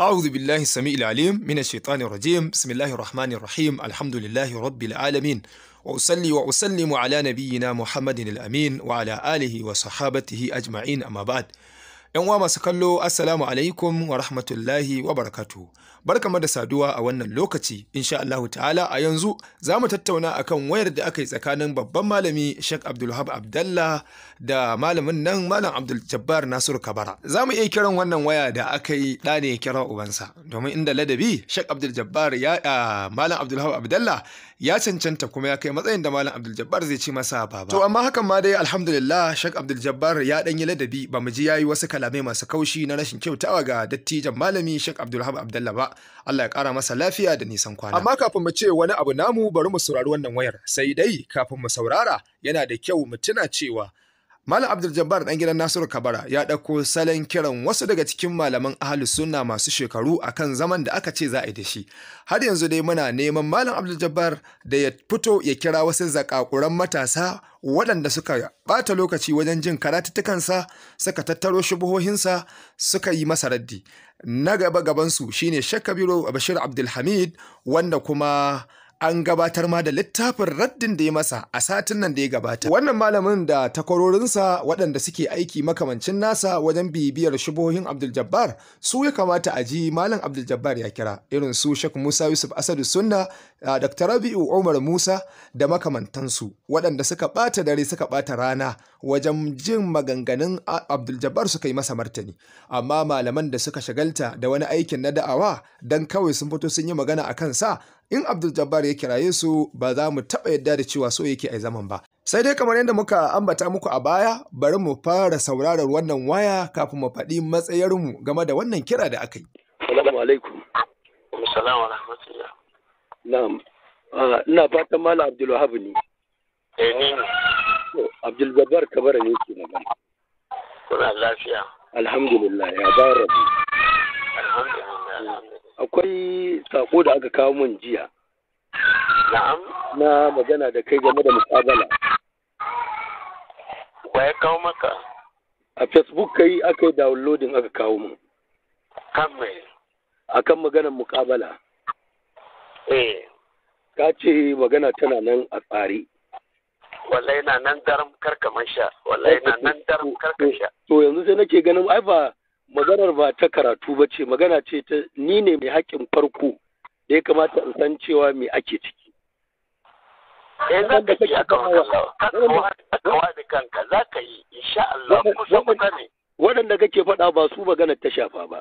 أعوذ بالله السميع العليم من الشيطان الرجيم بسم الله الرحمن الرحيم الحمد لله رب العالمين وأصلي وأسلم على نبينا محمد الأمين وعلى آله وصحابته أجمعين أما بعد 'Yan uwa masu kallo, Assalamu alaikum wa rahmatullahi wa barakatu. Barkamu da saduwa a wannan lokaci, insha Allahu ta'ala a yanzu za mu tattauna akan wayar da aka yi tsakanin babban malami Sheikh Abdulhab Abdallah da malamin nan Malam Abdul Jabbar Nasiru Kabara. Za mu iya kiran wannan waya da aka yi ɗa kira ubansa, domin inda ladabi Sheikh Abdul Jabbar ya Malam Abdulhab Abdallah ya cancanta kuma ya kai matsayin da malam Abdul Jabbar zai ci masa baba to amma hakan ma dai alhamdulillah Sheikh Abdul Jabbar ya dan yi ladabi ba mu ji yayi wasu kalamai masu kaushi na rashin kyautawa ga dattijan malami Sheikh Abdul hab Abdullah ba Allah ya kara masa lafiya da nisan kwana amma kafin mu ce wani abu namu bari mu saurari wannan wayar sai dai kafin mu saurara yana da kyau mu tuna cewa Malam Abdul Jabbar dan gidan Nasiru Kabara ya ɗauko salon kiran wasu daga cikin malaman ahli sunna masu shekaru akan zaman da aka ce za a yi da shi. Har yanzu dai muna neman Malam Abdul Jabbar da ya fito ya kira wasu zakakuran matasa waɗanda suka ɓata lokaci wajen jin karatuttukansa suka tattaro shubuhohinsa suka yi masa raddi. Na gaba gabansu shine Shekabiru Bashir Abdulhamid wanda kuma an gabatar ma da littafin raddin da ya masa a satin nan da ya gabata wannan malamin da takwarorinsa waɗanda suke aiki makamancin nasa wajen bibiyar shubohin Abdul Jabbar su ya kamata a ji malam Abdul Jabbar ya kira irin su shek Musa Yusuf Asadu Sunna Dr. Rabi'u Umar Musa da makamantansu waɗanda suka ɓata dare suka ɓata rana wajen jin maganganun Abdul Jabbar suka yi masa martani amma malaman da suka shagalta da wani aikin na da'awa don kawai sun fito sun yi magana a kansa in Abdul Jabbar ya kiraye su ba za mu taɓa yadda da cewa so yake a zaman ba. Sai dai kamar yadda muka ambata muku a baya, bari mu fara saurarar wannan waya kafin mu faɗi matsayarmu game da wannan kira da aka yi. Salamu alaikum. Salamu alaikum. Ah, ina fatan Malam Abdul Wahab ne. Eh ni ne. Abdul Jabbar Kabara ne ke magana. Kuna lafiya. Alhamdulillah ya ba rabu. Alhamdulillah. akwai sako da aka kawo mun jiya na magana da kai game da mukabala wa ya kawo maka a facebook kai aka yi downloading aka kawo mun kan me akan maganar mukabala eh ka ce magana tana nan a tsari wallahi na nan daram karkamansha sha wallahi na nan daram karkamansha to yanzu sai nake ganin ai ba maganar ba ta karatu ba ce magana ce ta ni ne mai haƙƙin farko da ya kamata in san cewa me ake ciki. Yanzu da kake aka kawa da kanka za ka yi insha Allah kusa ne. Waɗanda kake faɗa ba su magana ta shafa ba.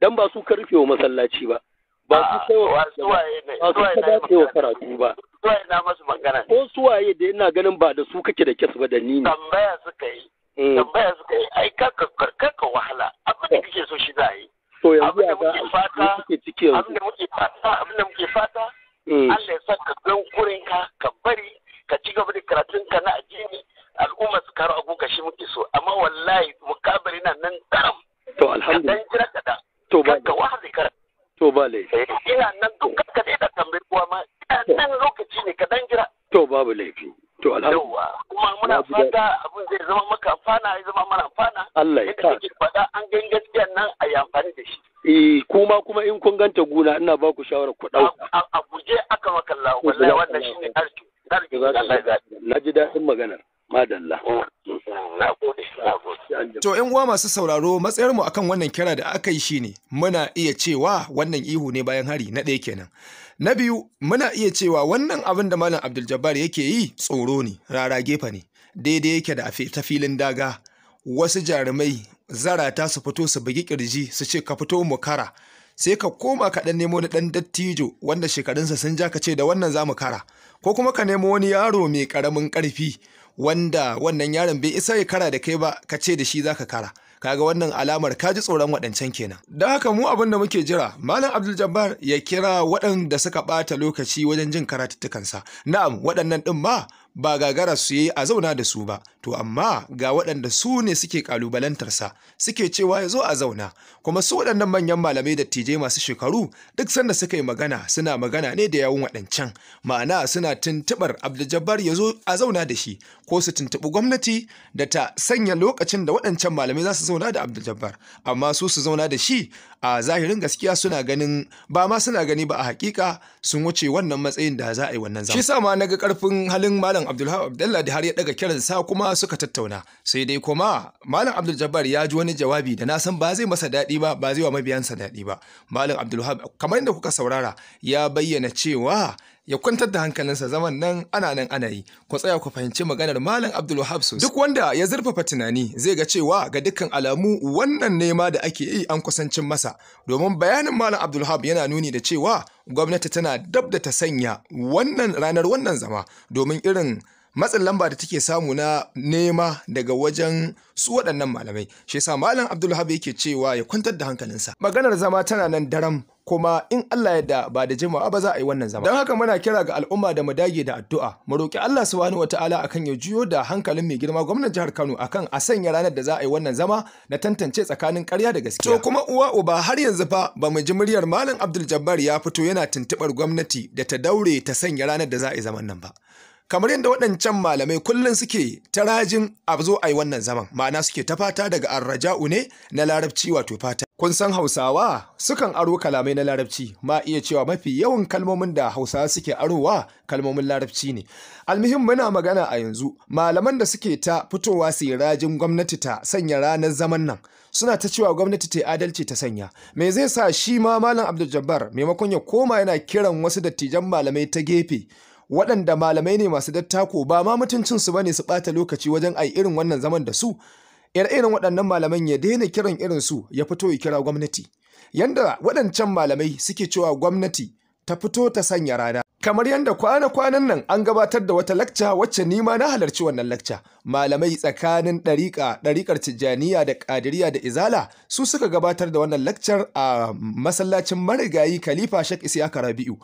Dan ba su ka rufe wa masallaci ba. Ba su ah, kaiwa ba su ka dace wa karatu ba. Suwaye na masu magana. Ko suwaye da ina ganin ba da su kake da kyas ba da ni ne. Tambaya suka yi. Mm. Tambaya suka yi ai kanka wannan duk ka ne da tambayar kuwa ma ina nan lokaci ne ka dan jira to babu laifi to alhamdulillah kuma muna fata abin zai zama maka amfana ya zama mana amfana Allah ya ka faɗa an gan gaskiya nan a yi amfani da shi eh kuma kuma in kun ganta guna ina ba ku shawara ku ɗauka a guje aka maka Allah wallahi wannan shine arziki arziki na ji daɗin maganar madalla To ‘yan uwa masu sauraro mu akan wannan kira da aka yi shine muna iya cewa wannan ihu ne bayan hari na ɗaya kenan. Na biyu muna iya cewa wannan abin da Malam Abdul Jabbar yake yi tsoro ne rara gefa ne daidai yake da ta filin daga wasu jarumai zarata su fito su bugi kirji su ce ka fito mu kara sai ka koma ka dan nemo da dan dattijo wanda shekarunsa sun ja ka ce da wannan zamu kara ko kuma ka nemo wani yaro mai karamin karfi wanda wannan yaron bai isa ya kara da kai ba ka ce da shi zaka kara kaga wannan alamar ka ji tsoron waɗancan kenan don haka mu abin da muke jira malam abdul jabbar ya kira waɗanda suka ɓata lokaci wajen jin karatuttukansa na'am waɗannan ɗin ma ba gagara su yi a zauna da su ba to amma ga waɗanda su ne suke ƙalubalantarsa suke cewa ya zo a zauna kuma su waɗannan manyan malamai da tije masu shekaru duk sanda suka yi magana suna magana ne da yawun waɗancan ma'ana suna tuntuɓar abdujabbar ya zo a zauna da shi ko su tuntuɓi gwamnati da ta sanya lokacin da waɗancan malamai za su zauna da abdujabbar amma su su zauna da shi a zahirin gaskiya suna ganin ba ma suna gani ba a haƙiƙa sun wuce wannan matsayin da za a yi wannan zama shi sa ma naga karfin halin malam abdulhab da har ya daga kiran sa kuma suka tattauna sai dai kuma malam abdul jabbar ya ji wani jawabi da na san ba zai masa daɗi ba ba zai wa mabiyansa daɗi ba malam abdulhab kamar inda kuka saurara ya bayyana cewa ya kwantar da hankalinsa zaman nan ana nan ana yi ku tsaya ku fahimci maganar malam Abdul Wahab duk wanda ya zurfafa tunani zai ga cewa ga dukkan alamu wannan nema da ake yi an kusancin masa domin bayanin malam Abdul Wahab yana nuni da cewa gwamnati tana dab da ta sanya wannan ranar wannan zama domin irin matsin lamba da take samu na nema daga wajen su waɗannan malamai shi yasa malam Abdul Wahab yake cewa ya kwantar da hankalinsa maganar zama tana nan daram kuma in Allah yadda ba da jimawa ba za a yi wannan zama. Don haka muna kira ga al'umma da mu dage da addu'a, mu roƙi Allah subhanahu wataala akan ya juyo da hankalin mai girma gwamnan jihar Kano akan a sanya ranar da za a yi wannan zama na tantance tsakanin ƙarya da gaskiya. To kuma uwa uba har yanzu fa ba mu ji muryar Malam Abdul Jabbar ya fito yana tuntuɓar gwamnati da ta daure ta sanya ranar da za a yi zaman nan ba. kamar yadda waɗancan malamai kullum suke ta rajin a zo a yi wannan zaman ma'ana suke ta fata daga arraja'u ne na larabci wato fata kun san hausawa sukan aro kalamai na larabci ma iya cewa mafi yawan kalmomin da hausawa suke arowa kalmomin larabci ne almihim muna magana a yanzu malaman da suke ta fitowa su yi rajin gwamnati ta sanya ranar zaman nan suna ta cewa gwamnati ta yi adalci ta sanya me zai sa shi ma malam abdul jabbar maimakon ya koma yana kiran wasu dattijan malamai ta gefe waɗanda malamai ne masu dattako ba ma mutuncinsu ba ne su ɓata lokaci wajen a irin wannan zaman da su ire irin waɗannan malaman ya daina kiran irin su ya fito ya kira gwamnati yanda waɗancan malamai suke cewa gwamnati ta fito ta sanya rana kamar yadda kwana-kwanan nan an gabatar da wata lakca wacce ni ma na halarci wannan lakca malamai tsakanin ɗariƙa ɗariƙar tijjaniya da ƙadiriya da izala su suka gabatar da wannan lakcar a masallacin marigayi khalifa shek isiyaka rabi'u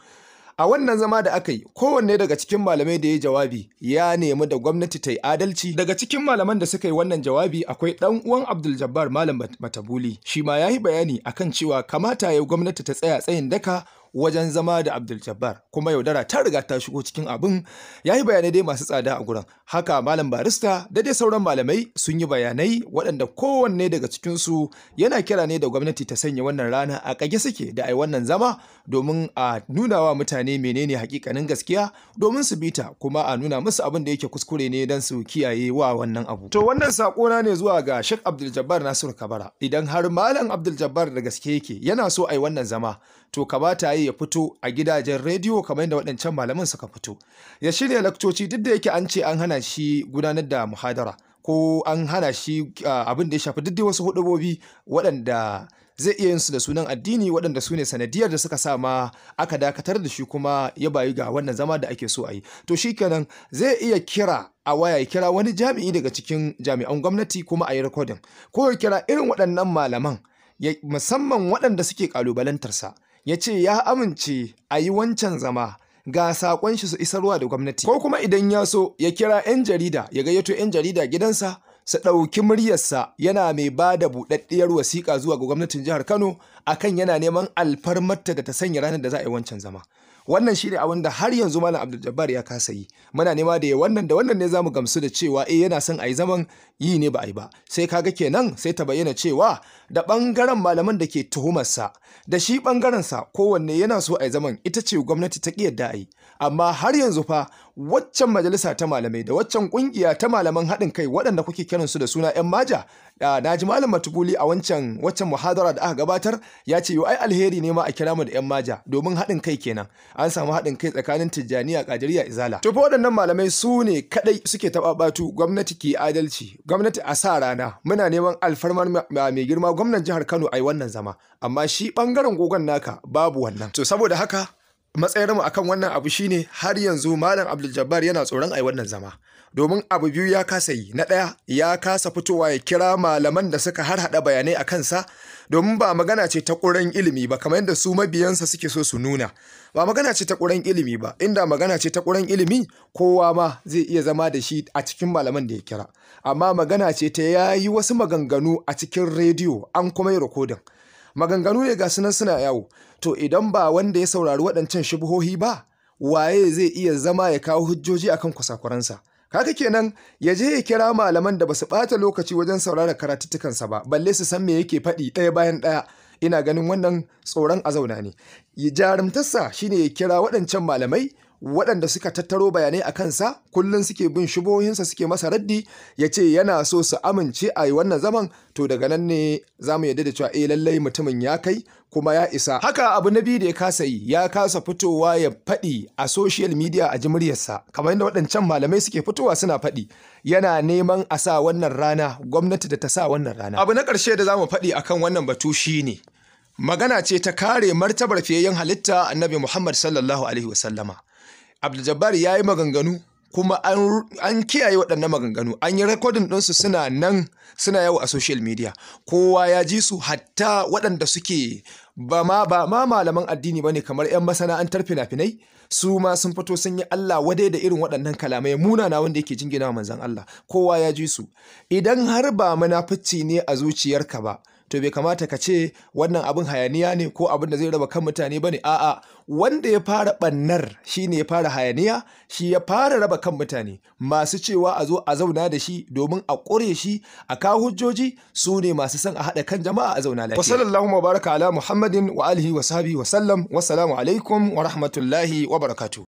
a wannan zama da aka yi kowanne daga cikin malamai da ya jawabi ya nemi da gwamnati ta yi adalci daga cikin malaman da suka yi wannan jawabi akwai dan uwan abdul jabbar malam matabuli shi ma ya yi bayani akan cewa kamata ya gwamnati ta tsaya tsayin daka wajen zama da Abdul Jabbar kuma yaudara ta riga ta shigo cikin abin ya yi bayanai dai masu tsada a gurin haka malam barista da dai sauran malamai sun yi bayanai waɗanda kowanne daga cikinsu yana kira ne da gwamnati ta sanya wannan rana a ƙage suke da ai wannan zama domin a nuna wa mutane menene hakikanin gaskiya domin su bita kuma a nuna musu abin da yake kuskure ne don su kiyaye wa wannan abu. To wannan saƙona ne zuwa ga Sheikh Abdul Jabbar Nasiru Kabara idan har malam Abdul Jabbar da gaske yake yana so ai wannan zama to ta yi ya fito a gidajen rediyo kamar yadda waɗancan malaman suka fito ya shirya lakcoci duk da yake an ce an hana shi gudanar da muhadara ko an hana shi ah, abin da ya shafi duk wasu hudubobi waɗanda zai iya yin su da sunan addini waɗanda su ne sanadiyar da suka sa ma aka dakatar da shi kuma ya bayu ga wannan zama da ake so a yi to shi shikenan zai iya kira a waya ya kira wani jami'i daga cikin jami'an gwamnati kuma a yi rikodin ko ya kira irin waɗannan malaman musamman waɗanda suke ƙalubalantarsa ya ce ya amince a yi wancan zama ga saƙon shi su isarwa da gwamnati ko kuma idan ya so ya kira 'yan jarida ya gayyato 'yan jarida gidansa su ɗauki muryarsa yana mai ba da buɗaɗɗiyar wasiƙa zuwa ga gwamnatin jihar Kano akan yana neman alfarmarta da ta sanya ranar da za a yi wancan zama. Wannan shi ne abin da har yanzu Malam Abdul ya kasa yi. Muna nema da wannan da wannan ne zamu gamsu da cewa eh yana son a yi zaman yi ne ba a yi ba. Sai kaga kenan sai ta bayyana cewa da ɓangaren malaman da ke tuhumarsa da shi ɓangarensa kowanne yana so a zaman ita ce gwamnati ta ƙi yadda ayi amma har yanzu fa waccan majalisa ta malamai da waccan ƙungiya ta malaman haɗin kai waɗanda kuke kiran su da suna 'yan maja da naji malam matubuli a wancan waccan muhadara da aka gabatar ya ce yo ai alheri ne ma a kira mu da 'yan maja domin haɗin kai kenan an samu haɗin kai tsakanin tijjaniya kajiriya izala to waɗannan malamai su ne kaɗai suke taɓaɓatu gwamnati ke adalci gwamnati a sa rana muna neman alfarmar mai girma gwamnan jihar Kano a wannan zama amma shi ɓangaren gogon naka babu wannan to saboda haka matsayar mu akan wannan abu shine har yanzu malam Abdul yana tsoron a yi wannan zama domin abu biyu ya kasa yi na ɗaya ya kasa fitowa ya kira malaman da suka harhaɗa bayanai a kansa domin ba magana ce ta ƙuran ilimi ba kamar yadda su mabiyansa suke so su nuna ba magana ce ta ƙuran ilimi ba inda magana ce ta ƙuran ilimi kowa ma zai iya zama da shi a cikin malaman da ya kira amma magana ce ta ya yi wasu maganganu a cikin rediyo an kuma yi rikodin maganganu ne ga sunan suna yawo to idan ba wanda ya saurari waɗancan shubuhohi ba waye zai iya zama ya kawo hujjoji akan kusakuransa Kaka kenan ya je ya kira malaman da basu ɓata lokaci wajen saurara karatuttukansa ba, balle su san me yake faɗi ɗaya bayan ɗaya. Ina ganin wannan tsoron a zauna ne. Jarumtarsa shine ya kira waɗancan malamai waɗanda suka tattaro bayanai a kansa kullum suke bin shubohinsa suke masa raddi ya ce yana so su amince a yi wannan zaman to daga nan ne za mu yadda da cewa eh lallai mutumin ya kai kuma ya isa haka abu na biyu da ya kasa yi ya kasa fitowa ya faɗi a social media a jimuryarsa kamar yadda waɗancan malamai suke fitowa suna faɗi yana neman a sa wannan rana gwamnati da ta sa wannan rana abu na ƙarshe da za mu faɗi akan wannan batu shi ne magana ce ta kare martabar fiyayyen halitta annabi Muhammad sallallahu alaihi wasallama Abdul ya yi maganganu kuma an, kiyaye waɗannan maganganu an yi rekodin ɗinsu suna nan suna yawo a social media kowa ya ji su hatta waɗanda suke ba ma ba ma malaman addini bane kamar yan masana'antar fina-finai su ma sun fito sun yi Allah wadai da irin waɗannan kalamai munana wanda yake jingina manzan Allah kowa ya ji su idan har ba munafici ne a zuciyarka ba to bai kamata ka ce wannan abin hayaniya ne ko abin da zai raba kan mutane bane a'a wanda ya fara bannar shine ya fara hayaniya shi ya fara raba kan mutane masu cewa a zo a zauna da shi domin a ƙure shi a kawo hujjoji su ne masu son a haɗa kan jama'a a zauna lafiya wa sallallahu ala muhammadin wa alihi wa sahbihi wa sallam wassalamu alaikum wa rahmatullahi wa barakatuh